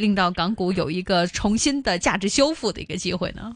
令到港股有一個重新的價值修復的一個機會呢？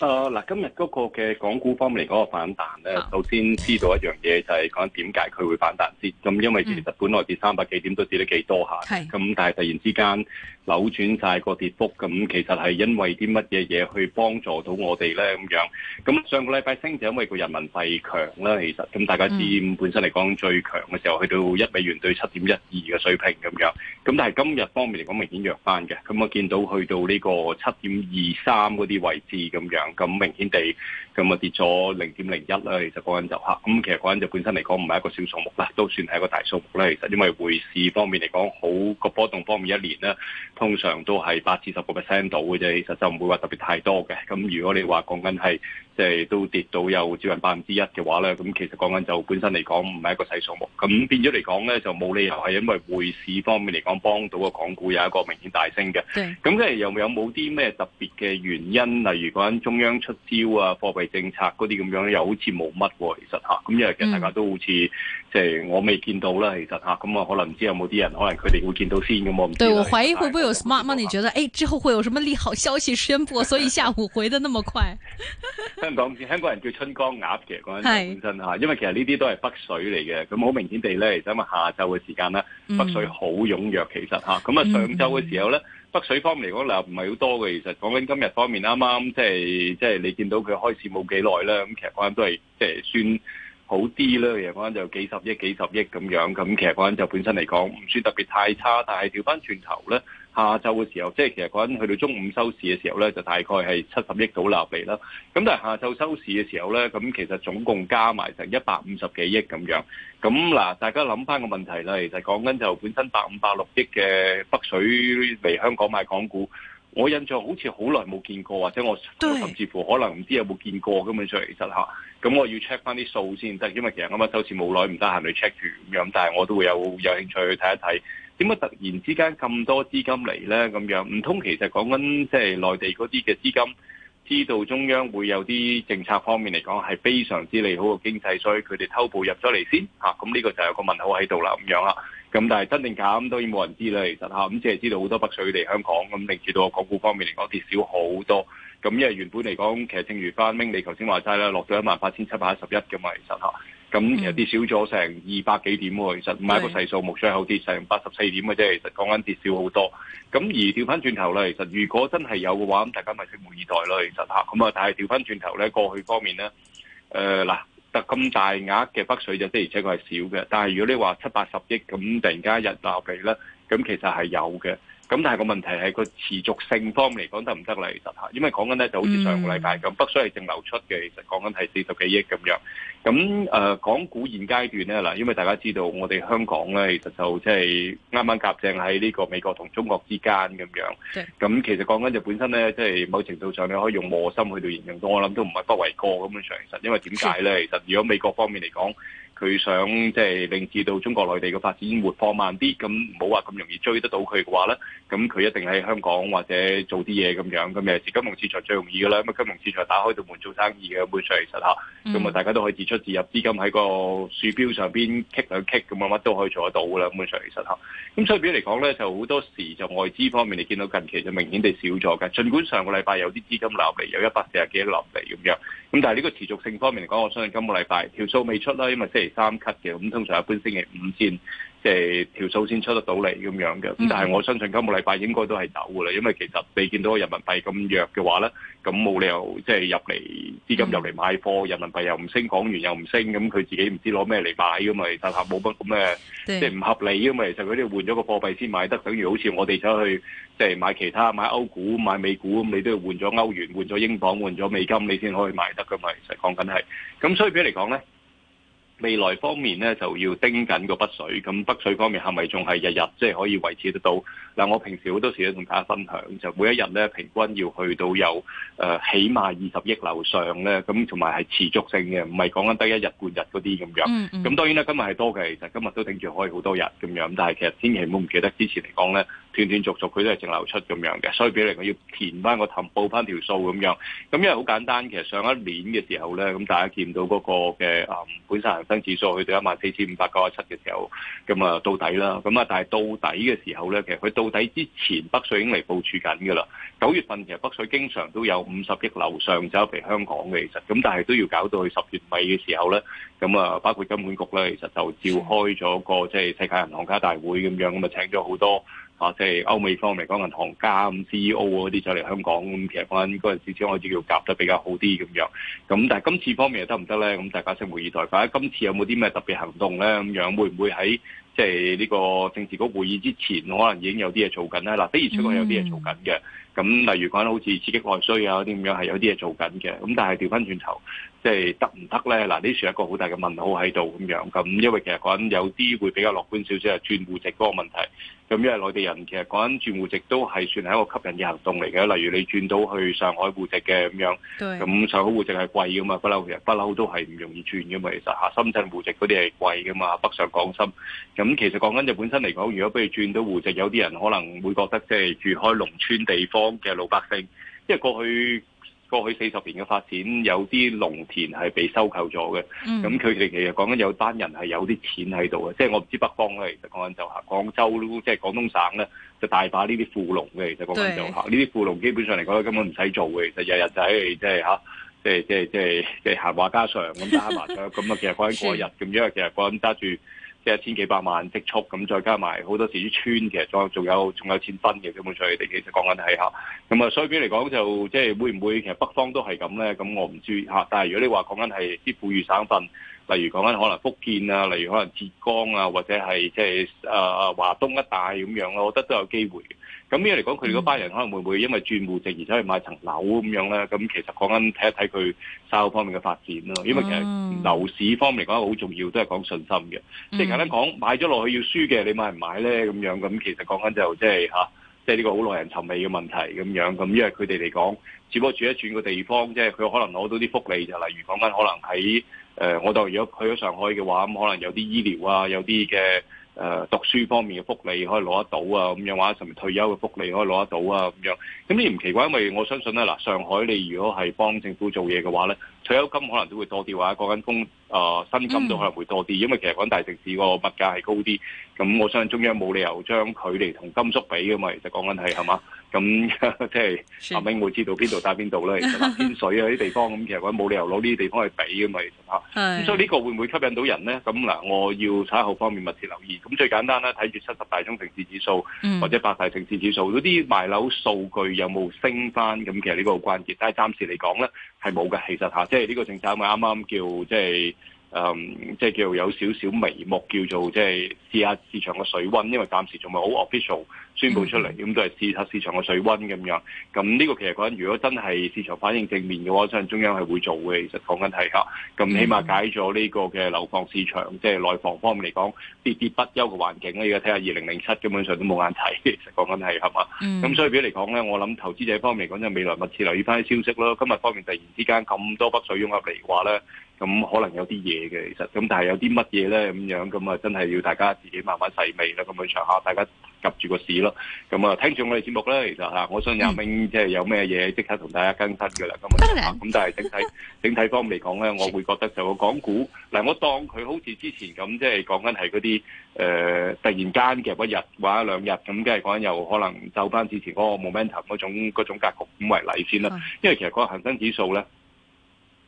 誒，嗱，今日嗰個嘅港股方面嚟嗰個反彈呢，首先知道一樣嘢就係講點解佢會反彈先，咁因為其實本來跌三百幾點都跌得幾多下，咁、嗯、但係突然之間。扭轉晒個跌幅，咁其實係因為啲乜嘢嘢去幫助到我哋咧？咁樣咁上個禮拜升就因為個人民幣強啦，其實咁大家知本身嚟講最強嘅時候去到一美元對七點一二嘅水平咁樣，咁但係今日方面嚟講明顯弱翻嘅，咁我見到去到呢個七點二三嗰啲位置咁樣，咁明顯地咁啊跌咗零點零一啦，其實嗰陣就嚇，咁其實嗰陣就本身嚟講唔係一個小數目啦，都算係一個大數目啦，其實因為匯市方面嚟講好個波動方面一年啦。通常都係八至十個 percent 到嘅啫，其實就唔會話特別太多嘅。咁如果你話講緊係。即係都跌到有接近百分之一嘅話咧，咁其實講緊就本身嚟講唔係一個細數目，咁變咗嚟講咧就冇理由係因為匯市方面嚟講幫到個港股有一個明顯大升嘅。咁即係又有冇啲咩特別嘅原因，例如講緊中央出招啊、貨幣政策嗰啲咁樣，又好似冇乜喎，其實吓，咁因為其實大家都好似即係我未見到啦，其實吓，咁、嗯、啊可能唔知有冇啲人可能佢哋會見到先咁。我唔知。對，我懷疑會唔會有 smart money 覺得，誒、欸、之後會有什麼利好消息宣布，所以下午回得那麼快。 香港，香港人叫春江鴨，其實講緊本身因為其實呢啲都係北水嚟嘅。咁好明顯地咧，咁啊下晝嘅時間咧，北水好踴躍。嗯、其實嚇，咁啊上晝嘅時候咧、嗯，北水方面嚟講流唔係好多嘅。其實講緊今日方面啱啱，即係即係你見到佢開始冇幾耐啦。咁其實講緊都係即係算好啲啦。其實講緊、就是、就幾十億、幾十億咁樣。咁其實講緊就本身嚟講，唔算特別太差。但係調返轉頭咧。下晝嘅時候，即係其實嗰陣去到中午收市嘅時候咧，就大概係七十億到納幣啦。咁但係下晝收市嘅時候咧，咁其實總共加埋成一百五十幾億咁樣。咁嗱，大家諗翻個問題啦，其實講緊就本身百五百六億嘅北水嚟香港買港股，我印象好似好耐冇見過，或者我甚至乎可能唔知有冇見過咁樣。所以其實吓，咁我要 check 翻啲數先得，因為其實咁樣收市冇耐，唔得閒去 check 住咁樣。但係我都會有有興趣去睇一睇。點解突然之間咁多資金嚟呢？咁樣唔通其實講緊即係內地嗰啲嘅資金，知道中央會有啲政策方面嚟講係非常之利好嘅經濟，所以佢哋偷步入咗嚟先咁呢、啊這個就有個問號喺度啦，咁樣啦。咁但係真定假當然冇人知啦，其實下，咁即係知道好多北水嚟香港，咁、嗯、令到個港股方面嚟講跌少好多。咁因為原本嚟講，其實正如翻明你頭先話齋啦，落咗一萬八千七百一十一嘅嘛，其實嚇。咁其實跌少咗成二百幾點喎，其實唔係一個細數目，所以後跌成八十四點嘅啫。其實講緊跌少好多。咁而調翻轉頭咧，其實如果真係有嘅話，咁大家咪拭目以待咯。其實吓，咁啊，但係調翻轉頭咧，過去方面咧，誒嗱，得咁大額嘅北水就的而且確係少嘅。但係如果你話七八十億咁突然間入嚟咧，咁其實係有嘅。咁但係個問題係個持續性方面嚟講得唔得咧？其實吓，因為講緊咧就好似上個禮拜咁，北水係淨流出嘅，其實講緊係四十幾億咁樣。咁誒，港股現階段咧，嗱，因為大家知道，我哋香港咧，其實就即係啱啱夾正喺呢個美國同中國之間咁樣。咁其實講緊就本身咧，即係某程度上你可以用磨心去到形容到，我諗都唔係不為過咁樣嘅常識。因為點解咧？其實如果美國方面嚟講，佢想即係令至到中國內地嘅發展活況慢啲，咁唔好話咁容易追得到佢嘅話咧，咁佢一定喺香港或者做啲嘢咁樣。咁誒，金融市場最容易嘅啦，咁金融市場打開到門做生意嘅，基本上其實吓。咁、嗯、啊，大家都可以自出自入資金喺個鼠標上邊 click 兩 click 咁啊，乜都可以做得到嘅啦，基本上其實吓。咁所以嚟講咧，就好多時就外資方面，你見到近期就明顯地少咗嘅，儘管上個禮拜有啲資金流嚟，有一百四十幾流嚟咁樣。咁但係呢個持續性方面嚟講，我相信今個禮拜條數未出啦，因為星期三 cut 嘅，咁通常一般星期五先。即係條數先出得到嚟咁樣嘅，咁但係我相信今個禮拜應該都係走嘅啦，因為其實你見到人民幣咁弱嘅話咧，咁冇理由即係入嚟資金入嚟買貨，人民幣又唔升，港元又唔升，咁佢自己唔知攞咩嚟買，咁咪實實冇乜咁嘅，即係唔合理嘅嘛。其實佢都要換咗個貨幣先買得，等於好似我哋走去即係買其他買歐股買美股咁，你都要換咗歐元，換咗英鎊，換咗美金，你先可以買得嘅嘛。其實講緊係咁，所以比嚟講咧。未來方面咧，就要盯緊個北水。咁北水方面係咪仲係日日即係可以維持得到？嗱，我平時好多時都同大家分享，就每一日咧平均要去到有誒、呃、起碼二十億樓上咧，咁同埋係持續性嘅，唔係講緊得一日半日嗰啲咁樣。咁當然啦，今日係多嘅，其實今日都頂住可以好多日咁樣。但係其實千祈唔好唔記得之前嚟講咧。斷斷續續佢都係淨流出咁樣嘅，所以俾嚟講要填翻個氹報翻條數咁樣。咁因為好簡單，其實上一年嘅時候咧，咁大家見到嗰個嘅誒本息恒生指數去到一萬四千五百九十七嘅時候，咁啊到底啦。咁啊，但係到底嘅時候咧，其實佢到底之前北水已經嚟部署緊嘅啦。九月份其實北水經常都有五十億樓上走嚟香港嘅，其實咁但係都要搞到去十月尾嘅時候咧，咁啊包括金管局咧，其實就召開咗個即係世界銀行家大會咁樣，咁啊請咗好多。啊，即、就、係、是、歐美方面講講，銀行家咁、嗯、CEO 嗰啲走嚟香港咁、嗯，其實講緊嗰陣時先開始叫夾得比較好啲咁樣。咁、嗯、但係今次方面又得唔得咧？咁、嗯、大家拭目以待。咁喺今次有冇啲咩特別行動咧？咁樣會唔會喺即係呢個政治局會議之前，可能已經有啲嘢做緊咧？嗱、嗯，啊、的而且確有啲嘢做緊嘅。咁、嗯嗯啊、例如講好似刺激外需啊啲咁樣，係有啲嘢做緊嘅。咁、嗯、但係調翻轉頭。即係得唔得咧？嗱，呢處有一個好大嘅問號喺度咁樣。咁因為其實講緊有啲會比較樂觀少少，係轉戶籍嗰個問題。咁因為內地人其實講緊轉戶籍都係算係一個吸引嘅行動嚟嘅。例如你轉到去上海戶籍嘅咁樣，咁上海戶籍係貴噶嘛？不嬲，其實不嬲都係唔容易轉噶嘛。其實嚇，深圳戶籍嗰啲係貴噶嘛，北上廣深。咁其實講緊就本身嚟講，如果畀你轉到戶籍，有啲人可能會覺得即係住開農村地方嘅老百姓，因為過去。過去四十年嘅發展，有啲農田係被收購咗嘅。咁佢哋其實講緊有一班人係有啲錢喺度嘅，即係我唔知北方咧，其實講緊就嚇廣州，即係廣東省咧，就大把呢啲富農嘅。其實講緊就嚇呢啲富農，基本上嚟講根本唔使做嘅。其實日日就喺即係嚇，即係即係即係即係閒話家常咁打麻雀，咁 啊其實講緊過日咁樣，其實講緊揸住。一千幾百萬積蓄，咁再加埋好多時啲村其實仲有仲有仲有錢分嘅，基本上你哋其實講緊係嚇，咁啊所以嚟講就即係會唔會其實北方都係咁咧？咁我唔知嚇，但係如果你話講緊係啲富裕省份，例如講緊可能福建啊，例如可能浙江啊，或者係即係誒華東一帶咁樣咯，我覺得都有機會。咁咩嚟講？佢哋嗰班人可能會唔會因為轉戶籍而走去買層樓咁樣咧？咁其實講緊睇一睇佢三個方面嘅發展咯。因為其實樓市方面嚟講好重要，都係講信心嘅。即係簡單講，買咗落去要輸嘅，你買唔買咧？咁樣咁其實講緊就即係吓，即係呢個好耐人尋味嘅問題咁樣。咁因為佢哋嚟講，只不過轉一轉個地方，即係佢可能攞到啲福利就例如講緊可能喺誒，我、呃、當如果去咗上海嘅話，咁可能有啲醫療啊，有啲嘅。誒讀書方面嘅福利可以攞得到啊，咁樣話，甚至退休嘅福利可以攞得到啊，咁樣，咁呢唔奇怪，因為我相信咧，嗱，上海你如果係幫政府做嘢嘅話咧，退休金可能都會多啲，或者講緊工啊薪金都可能會多啲，因為其實講大城市個物價係高啲，咁我相信中央冇理由將佢哋同甘肅比噶嘛，其實講緊係係嘛。咁即係阿明會知道邊度打邊度咧，其實南天水啊啲地方咁，其實佢冇理由攞呢啲地方去比噶嘛，其實嚇。咁所以呢個會唔會吸引到人咧？咁嗱，我要稍後方面密切留意。咁最簡單咧，睇住七十大中城市指數或者八大城市指數，嗰啲賣樓數據有冇升翻？咁其實呢個好關鍵。但係暫時嚟講咧，係冇嘅。其實嚇，即係呢個政策咪啱啱叫即係。誒、嗯，即係叫做有少少眉目，叫做即係試下市場嘅水溫，因為暫時仲未好 official 宣布出嚟，咁、嗯、都係試下市場嘅水溫咁樣。咁呢個其實講緊，如果真係市場反應正面嘅話，相信中央係會做嘅。其實講緊係嚇，咁起碼解咗呢個嘅樓房市場，嗯、即係內房方面嚟講，跌跌不休嘅環境咧。而家睇下二零零七基本上都冇眼睇，其實講緊係係嘛。咁、嗯嗯、所以嚟講咧，我諗投資者方面來講就未來密切留意翻啲消息咯。今日方面突然之間咁多北水湧入嚟嘅話咧。咁、嗯、可能有啲嘢嘅，其實咁但係有啲乜嘢咧咁樣咁啊，真係要大家自己慢慢細味啦。咁去場下，大家及住個市咯。咁啊，聽住我哋節目呢，其實吓、啊，我相信阿明即係有咩嘢、嗯，即刻同大家更新噶啦。咁咁、啊、但係整體 整體方面嚟講咧，我會覺得就港股嗱，我當佢好似之前咁，即係講緊係嗰啲誒突然間嘅一日或兩兩日，咁梗係講又可能走翻之前嗰個 momentum 嗰種嗰種格局咁為例先啦、嗯。因為其實個恒生指數咧。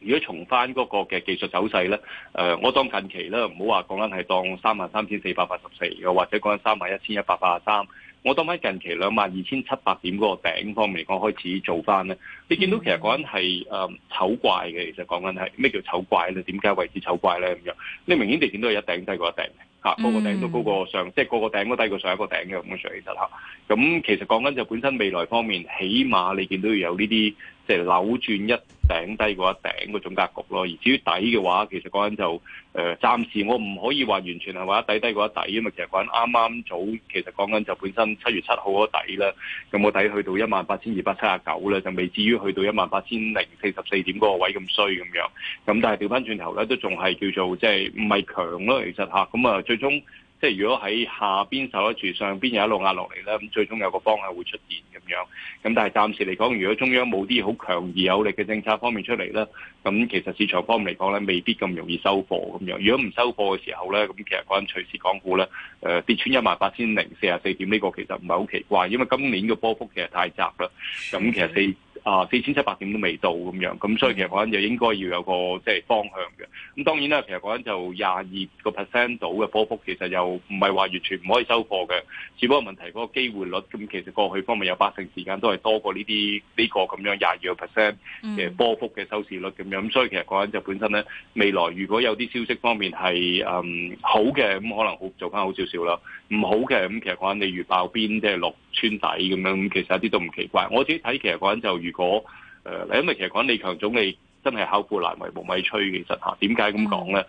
如果重翻嗰個嘅技術走勢咧，誒、呃，我當近期咧，唔好話講緊係當三萬三千四百八十四，又或者講緊三萬一千一百八十三，我當喺近期兩萬二千七百點嗰個頂方面嚟講，開始做翻咧。你見到其實講緊係誒醜怪嘅，其實講緊係咩叫醜怪咧？點解為之醜怪咧？咁樣你明顯地點都係一頂低過一頂嚇，嗰、啊那個頂都高過上，mm -hmm. 即係個個頂都低過上一個頂嘅咁樣上其實嚇。咁、啊嗯嗯、其實講緊就本身未來方面，起碼你見到要有呢啲。即係扭轉一頂低過一頂個總格局咯，而至於底嘅話，其實講緊就誒、呃，暫時我唔可以話完全係話一底低過一底，因為其實講緊啱啱早，其實講緊就本身七月七號嗰底咧，咁個底去到一萬八千二百七十九咧，就未至於去到一萬八千零四十四點嗰個位咁衰咁樣。咁但係調翻轉頭咧，都仲係叫做即係唔係強咯，其實吓，咁啊，最終。即係如果喺下邊受得住，上邊又一路壓落嚟咧，咁最終有個方向會出現咁樣。咁但係暫時嚟講，如果中央冇啲好強而有力嘅政策方面出嚟咧，咁其實市場方面嚟講咧，未必咁容易收貨咁樣。如果唔收貨嘅時候咧，咁其實講隨時港股咧，誒、呃、跌穿一萬八千零四十四點呢個其實唔係好奇怪，因為今年嘅波幅其實太窄啦。咁其實四。啊，四千七百點都未到咁樣，咁所以其實講緊又應該要有個即係、就是、方向嘅。咁當然啦，其實講緊就廿二個 percent 度嘅波幅，其實又唔係話完全唔可以收貨嘅，只不過問題嗰個機會率。咁其實過去方面有八成時間都係多過呢啲呢個咁樣廿二個 percent 嘅波幅嘅收市率咁樣。咁、嗯、所以其實講緊就本身咧，未來如果有啲消息方面係嗯好嘅，咁、嗯、可能好做翻好少少啦。唔、嗯、好嘅，咁其實講緊你預爆邊即係六。就是 6, 村底咁樣，其實一啲都唔奇怪。我自己睇其實講緊就，如果誒、呃，因為其實講緊李強總理真係巧婦難為無米炊。其實嚇，點解咁講咧？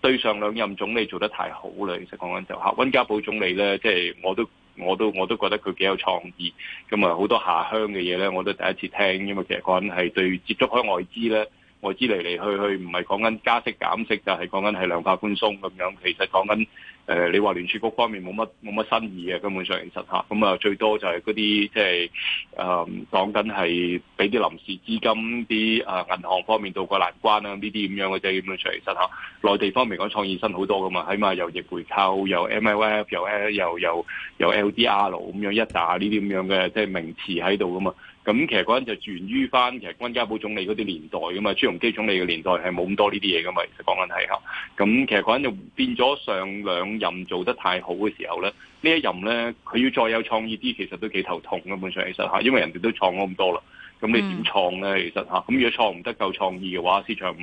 對上兩任總理做得太好啦。其實講緊就嚇，溫家寶總理咧，即係我都我都我都覺得佢幾有創意。咁啊，好多下鄉嘅嘢咧，我都第一次聽。因為其實講緊係對接觸開外資咧。我知嚟嚟去去唔係講緊加息減息，就係講緊係量化寬鬆咁樣。其實講緊誒，你話聯儲局方面冇乜冇乜新意嘅根本上下，其實嚇咁啊，最多就係嗰啲即係誒講緊係俾啲臨時資金啲誒、啊、銀行方面渡過難關啊。呢啲咁樣嘅啫。咁樣上其實嚇內地方面講創意新好多噶嘛，起碼又逆回購，又 MLF，有 L，又有有，有 LDR 咁樣一打呢啲咁樣嘅即係名詞喺度噶嘛。咁其實嗰陣就源於翻其實溫家寶總理嗰啲年代噶嘛，朱鎔基總理嘅年代係冇咁多呢啲嘢噶嘛，其實講緊係下，咁其實嗰陣就變咗上兩任做得太好嘅時候咧，呢一任咧佢要再有創意啲，其實都幾頭痛嘅。根本上其實下因為人哋都創咗咁多啦，咁你點創咧？Mm. 其實嚇，咁如果創唔得夠創意嘅話，市場唔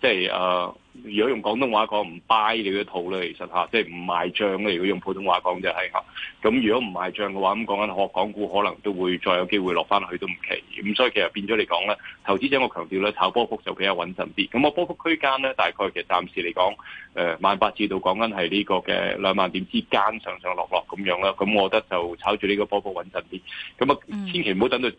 即係啊。Uh, 如果用廣東話講唔 buy 你嗰套咧，其實嚇即係唔賣帳咧。如果用普通話講就係嚇，咁如果唔賣帳嘅話，咁講緊學港股可能都會再有機會落翻去都唔奇。咁所以其實變咗嚟講咧，投資者我強調咧，炒波幅就比較穩陣啲。咁我波幅區間咧，大概其實暫時嚟講，誒萬八至到講緊係呢個嘅兩萬點之間上上落落咁樣啦。咁我覺得就炒住呢個波幅穩陣啲。咁啊，千祈唔好等到即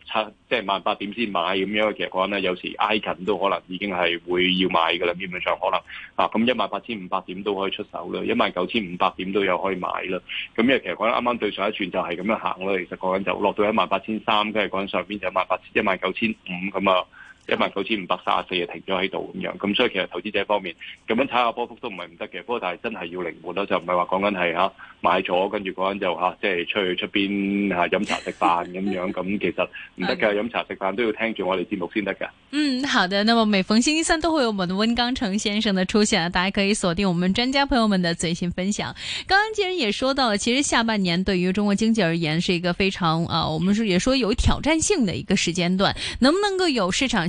係萬八點先買咁樣。其實講咧，有時挨近都可能已經係會要買嘅啦，基本上可能。啊，咁一萬八千五百點都可以出手啦，一萬九千五百點都有可以買啦。咁因為其實講緊啱啱對上一串，就係咁樣行啦。其實講緊就落到一萬八千三，跟住講緊上面就一萬八千一萬九千五咁啊。一萬九千五百三十四就停咗喺度咁樣，咁所以其實投資者方面咁樣炒下波幅都唔係唔得嘅，不過但係真係要靈活咯，就唔係話講緊係吓買咗跟住嗰陣就吓即係出去出邊吓飲茶食飯咁樣，咁其實唔得嘅，飲 茶食飯都要聽住我哋節目先得嘅。嗯，好的。那麼每逢星期三都會有我們的溫鋼城先生嘅出現啊，大家可以鎖定我們專家朋友們的最新分享。剛剛既然也說到了其實下半年對於中國經濟而言是一個非常啊，我們說也說有挑戰性的一個時間段，能不能夠有市場？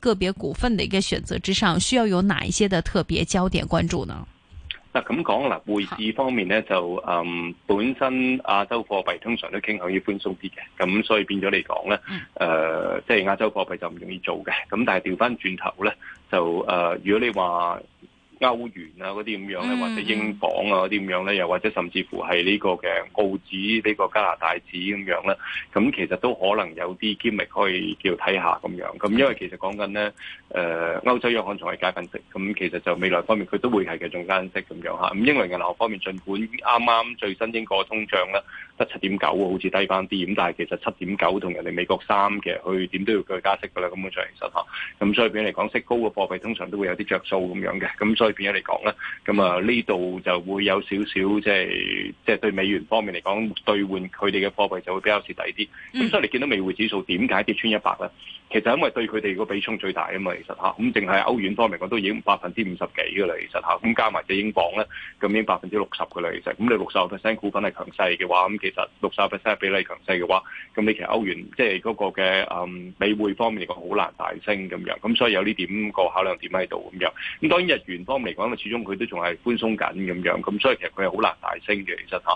個別股份的一個選擇之上，需要有哪一些的特別焦點關注呢？嗱咁講啦，匯市方面咧就，嗯，本身亞洲貨幣通常都傾向於寬鬆啲嘅，咁所以變咗嚟講咧，誒、呃，即係亞洲貨幣就唔容易做嘅，咁但係調翻轉頭咧，就誒、呃，如果你話，歐元啊嗰啲咁樣咧，或者英鎊啊嗰啲咁樣咧，又或者甚至乎係呢個嘅澳紙呢、呢個加拿大紙咁樣咧，咁其實都可能有啲兼力可以叫睇下咁樣。咁因為其實講緊咧，誒、呃、歐洲央行仲係加緊息，咁其實就未來方面佢都會係嘅仲加息咁樣嚇。咁英倫銀行方面，儘管啱啱最新英國通脹咧得七點九好似低翻啲咁，但係其實七點九同人哋美國三嘅，佢點都要佢加息㗎啦。咁嘅長遠實咁，所以息高嘅貨幣通常都會有啲著數咁樣嘅。咁所對邊樣嚟講咧？咁 啊，呢度就會有少少即係即係對美元方面嚟講，兌換佢哋嘅貨幣就會比較蝕底啲。咁所以你見到美匯指數點解跌穿一百咧？其實因為對佢哋個比重最大啊嘛，其實吓，咁淨係歐元方面，講都已經百分之五十幾噶啦，的其實吓，咁加埋隻英鎊咧，咁已經百分之六十噶啦，其實咁你六十 percent 股份係強勢嘅話，咁其實六十 percent 比例強勢嘅話，咁你其實歐元即係嗰個嘅嗯美匯方面嚟講，好難大升咁樣，咁所以有呢點個考量點喺度咁樣。咁當然日元方面嚟講，因為始終佢都仲係寬鬆緊咁樣，咁所以其實佢係好難大升嘅，其實吓，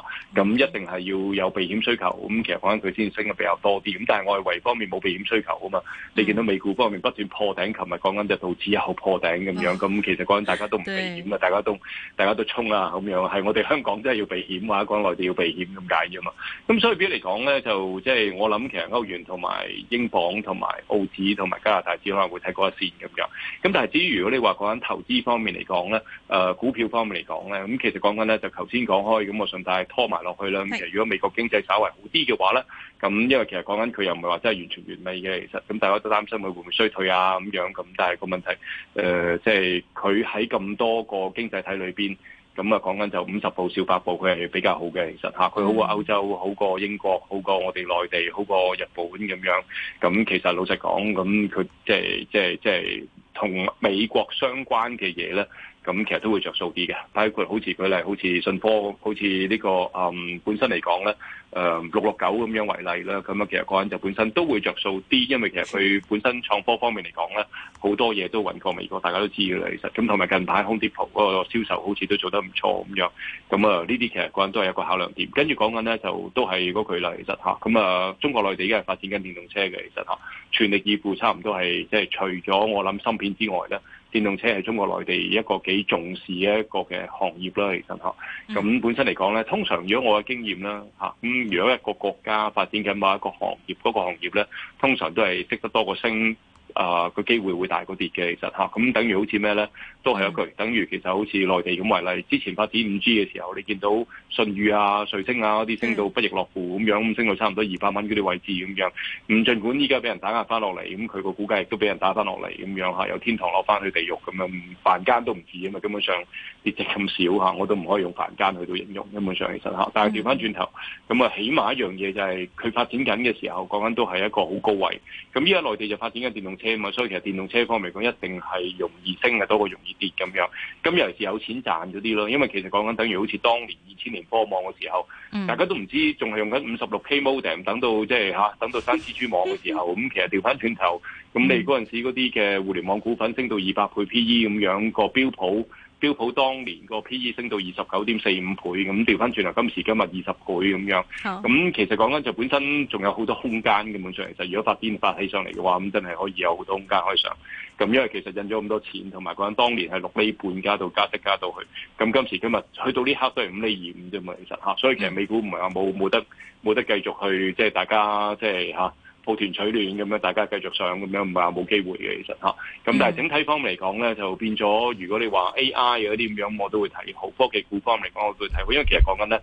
咁一定係要有避險需求，咁其實講緊佢先升得比較多啲。咁但係外圍方面冇避險需求啊嘛。你見到美股方面不斷破頂，琴日講緊隻道指又破頂咁、嗯、樣，咁其實講緊大家都唔避險啊，大家都大家都衝啦、啊、咁樣，係我哋香港真係要避險啊，或者講內地要避險咁解啫嘛。咁所以表嚟講咧，就即係、就是、我諗其實歐元同埋英鎊同埋澳紙同埋加拿大紙可能會睇過一線咁樣。咁但係至於如果你話講緊投資方面嚟講咧，誒、呃、股票方面嚟講咧，咁其實講緊咧就頭先講開，咁我順帶拖埋落去啦。其實如果美國經濟稍為好啲嘅話咧，咁因為其實講緊佢又唔係話真係完全完美嘅，其實咁但有得擔心佢會唔會衰退啊？咁樣咁，但係個問題，誒、呃，即係佢喺咁多個經濟體裏邊，咁啊講緊就五十步笑百步，佢係比較好嘅，其實嚇，佢好過歐洲，好過英國，好過我哋內地，好過日本咁樣。咁其實老實講，咁佢即係即係即係同美國相關嘅嘢咧。咁其實都會着數啲嘅，包括好似舉例，好似信科，好似呢個嗯本身嚟講咧，誒六六九咁樣為例啦，咁啊其實個人就本身都會着數啲，因為其實佢本身創科方面嚟講咧，好多嘢都搵過美國，大家都知嘅啦。其實咁同埋近排 Home Depot 嗰個銷售好似都做得唔錯咁樣，咁啊呢啲其實個人都係一個考量點。跟住講緊咧就都係嗰距離，其實吓，咁啊中國內地依家發展緊電動車嘅，其實吓，全力以赴差不，差唔多係即係除咗我諗芯片之外咧。電動車係中國內地一個幾重視嘅一個嘅行業啦，其實嚇。咁本身嚟講咧，通常如果我嘅經驗啦嚇，咁如果一個國家發展緊某一個行業，嗰個行業咧，通常都係跌得多過升。啊個機會會大過跌嘅，其實嚇咁、啊、等於好似咩咧，都係一句，等於其實好似內地咁為例，之前發展 5G 嘅時候，你見到順宇啊、瑞星啊嗰啲升到不亦樂乎咁樣，咁升到差唔多二百蚊嗰啲位置咁樣。唔儘管依家俾人打壓翻落嚟，咁佢個估價亦都俾人打翻落嚟咁樣嚇，有天堂落翻去地獄咁樣，凡間都唔止啊嘛，根本上跌值咁少嚇，我都唔可以用凡間去到形容，根本上其實嚇。但係調翻轉頭，咁啊起碼一樣嘢就係、是、佢發展緊嘅時候，講緊都係一個好高位。咁依家內地就發展緊電動。車嘛，所以其實電動車方面講，一定係容易升嘅多過容易跌咁樣。咁尤其是有錢賺咗啲咯，因為其實講緊等於好似當年二千年科網嘅時候、嗯，大家都唔知仲係用緊五十六 K modem，等到即係吓，等到三 G 網嘅時候，咁其實掉翻轉頭，咁你嗰陣時嗰啲嘅互聯網股份升到二百倍 PE 咁樣、個標普。標普當年個 P/E 升到二十九點四五倍，咁調翻轉頭，今時今日二十倍咁樣。咁其實講緊就本身仲有好多空間嘅，根本上其實如果發展發起上嚟嘅話，咁真係可以有好多空間可以上。咁因為其實印咗咁多錢，同埋講緊當年係六厘半加到加息加到去，咁今時今日去到呢刻都係五厘二五啫嘛，其實嚇。所以其實美股唔係話冇冇得冇得繼續去，即係大家即係嚇。就是抱團取暖咁樣，大家繼續上咁樣，唔係話冇機會嘅，其實吓。咁但係整體方面嚟講咧，就變咗。如果你話 A I 嗰啲咁樣，我都會睇好科技股方面嚟講，我都會睇好。因為其實講緊咧，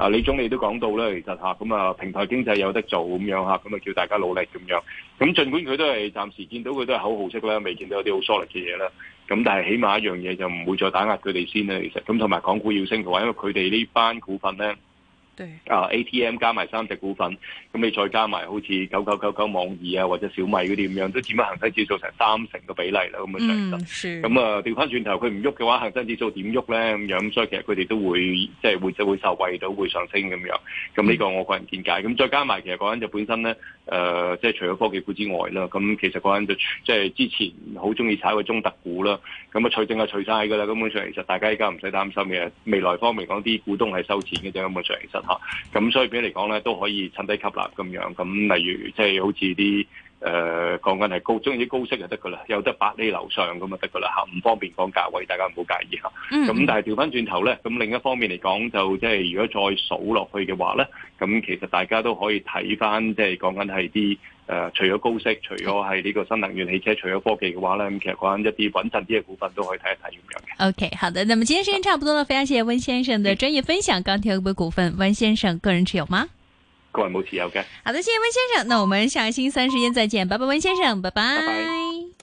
啊李總你都講到咧，其實吓，咁啊平台經濟有得做咁樣吓，咁啊叫大家努力咁樣。咁盡管佢都係暫時見到佢都係好好色啦，未見到有啲好 solid 嘅嘢啦。咁但係起碼一樣嘢就唔會再打壓佢哋先啦。其實咁同埋港股要升，同埋因為佢哋呢班股份咧。啊、uh，A T M 加埋三隻股份，咁你再加埋好似九九九九網易啊，或者小米嗰啲咁樣，都佔咗恒生指數成三成嘅比例啦。咁樣咁啊，調翻轉頭佢唔喐嘅話，恒生指數點喐咧？咁樣所以其實佢哋都會即係、就是、會就係受惠到，會上升咁樣。咁呢、這個我個人見解。咁再加埋其實嗰陣就本身咧，誒、呃，即係除咗科技股之外啦，咁其實嗰陣就即係之前好中意炒個中特估啦。咁啊，取證就取晒㗎啦。根本上其實大家依家唔使擔心嘅。未來方面講，啲股東係收錢嘅啫。根本上。其實咁所以，比如嚟講咧，都可以趁低吸納咁樣。咁例如，即係好似啲誒講緊係高，中意啲高息就得噶啦，有得百釐樓上咁就得噶啦嚇，唔方便講價位，大家唔好介意嚇。咁、嗯、但係調翻轉頭咧，咁另一方面嚟講，就即係如果再數落去嘅話咧，咁其實大家都可以睇翻，即係講緊係啲。誒、呃，除咗高息，除咗係呢個新能源汽車，除咗科技嘅話呢，咁其實講緊一啲穩陣啲嘅股份都可以睇一睇咁樣嘅。O、okay, K，好的，那麼今天時間差唔多啦，非常謝謝溫先生嘅專業分享。鋼、嗯、鐵股份，溫先生個人持有嗎？個人冇持有嘅。好的，謝謝溫先生。那我們下星期三時間再見，拜拜，溫先生，拜。拜。Bye bye